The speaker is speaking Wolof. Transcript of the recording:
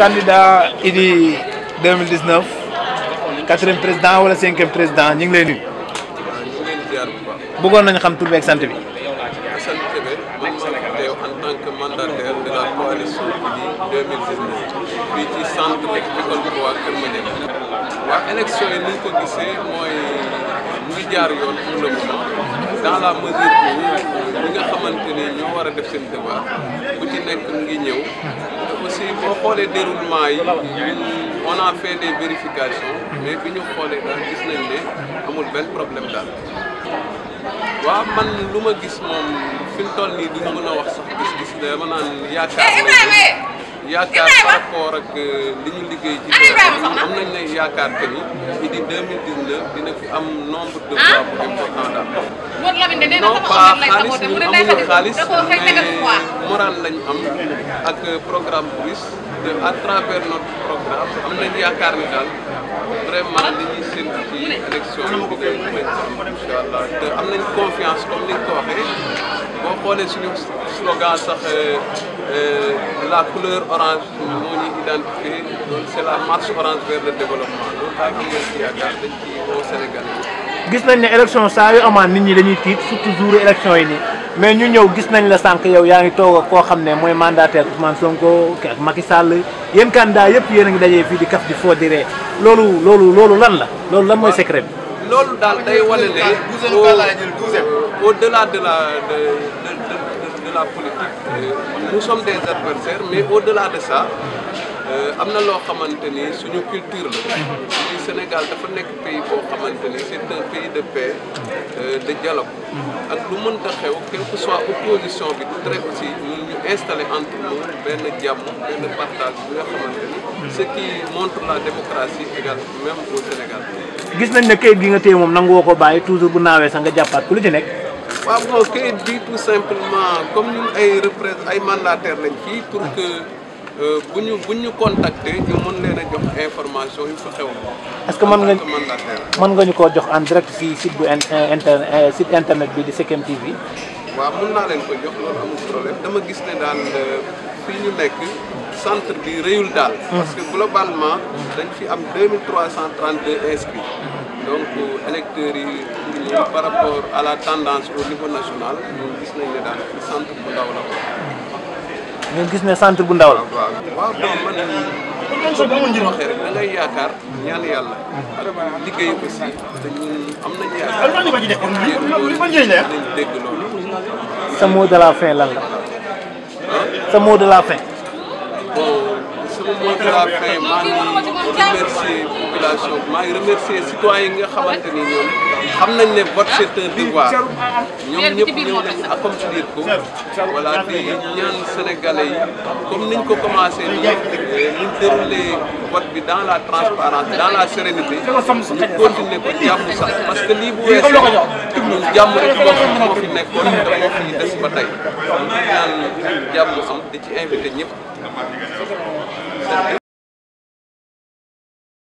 candidat de 2019 quatrième président wala cinquième président ñu ngi lay nuyu. bëggoon nañu xam tur beeg sant bi. mandataire de la coalition 2019 fii ci centre école bu waa Kër Madiabé waa élection dans la mesure bi nga xamante ne ñoo war a def seen devoir bu ci nekk ngi ñëw aussi boo xoolee déroulement yi on a fait des vérifications mais bi ñu xoolee daal gis nañ ne amul benn problème daal waa man lu ma gis moom fi mu toll nii duñu mën a wax sax gis-gis la ma naan yaakaar eh, eh! yaakaar par rapport ak euh, li liggéey ci am nañ ne ni ci di 2019 dina fi am nombre de ah? voix important daal non pas xaalis ñun amuñu xaalis mais moral lañu am ak programme Brise de à travers notre programme am nañu yaakaar ni daal vraiment li ñuy séntu ci élection yi euh, euh, la couleur orange moo ñuy identifié donc la marche orange vers le développement loolu daal am nañu dañ ci woo Sénégal gis nañ ne élection saa yu amaan nit ñi dañuy tiit surtout jour élection yi nii mais ñu ñëw gis nañ la sànq yow yaa ngi toog ak koo xam ne mooy mandataire Ousmane Sonko ak Macky Sall yéen candidat yëpp yéen a ngi dajee fii di kaf di foo di ree loolu loolu loolu lan la loolu lan mooy secret bi. loolu daal day wane ne au au delà de la de de de de la politique nous sommes des adversaires mais au delà de ça. Euh, am na loo xamante ni suñu culture la. suñu Sénégal dafa nekk pays boo xamante ni c'est un pays de paix euh, de dialogue. ak lu mënta xew quelle que soit opposition bi très aussi ñu ñu installé entre nous benn jàmm benn partage bi nga xamante ni. qui montre la démocratie également même au Sénégal. gis nañ ne kayit gi nga téye moom nangu woo ko bàyyi toujours bu naawee sax nga jàppaat ku lu ci nekk. waaw bon kayit bi tout simplement comme ñun ay représ ay mandataire lañ fii pour Euh, bu ñu bu ñu contacter ñu mën leen jox information yu fa xew. est que man nga mën nga ñu koo jox en direct si site bu euh, internet euh, site internet bi di Sekem TV. waaw mën naa leen ko jox loolu amul problème dama gis ne daal fii ñu nekk centre bi réyul daal. Mm-hmm. parce que globalement. dañ fi am 2332 inscrits. Mm-hmm. donc électeurs yi par rapport à la tendance au niveau national ñu gis nañ ne daal centre bu ndaw la ko. ñu gis ne centre bu ndaw la. waaw non man su ma njëriñ yaakaar ñaan yàlla. liggéey aussi dañuy am nañu yaakaar. dañu loolu. sa mot de la fin lan sa mot de la fin. bon sama de la fin maa ngi remercier population maa ngi citoyen nga xamante ni xam nañ ne vote c'est un devoir ñoom ñëpp ñëw nañu accomplir ko voilà di ñaan sénégalais yi comme niñ ko commencé ni ñu déroulé vote bi dans la transparence dans la sérénité ñu continuer ko jàmm sax parce que lii bu weesoo ñun jàmm rek moo moo fi nekkoon te moo fi des ba tey ñaan jàmm am di ci invité ñëpp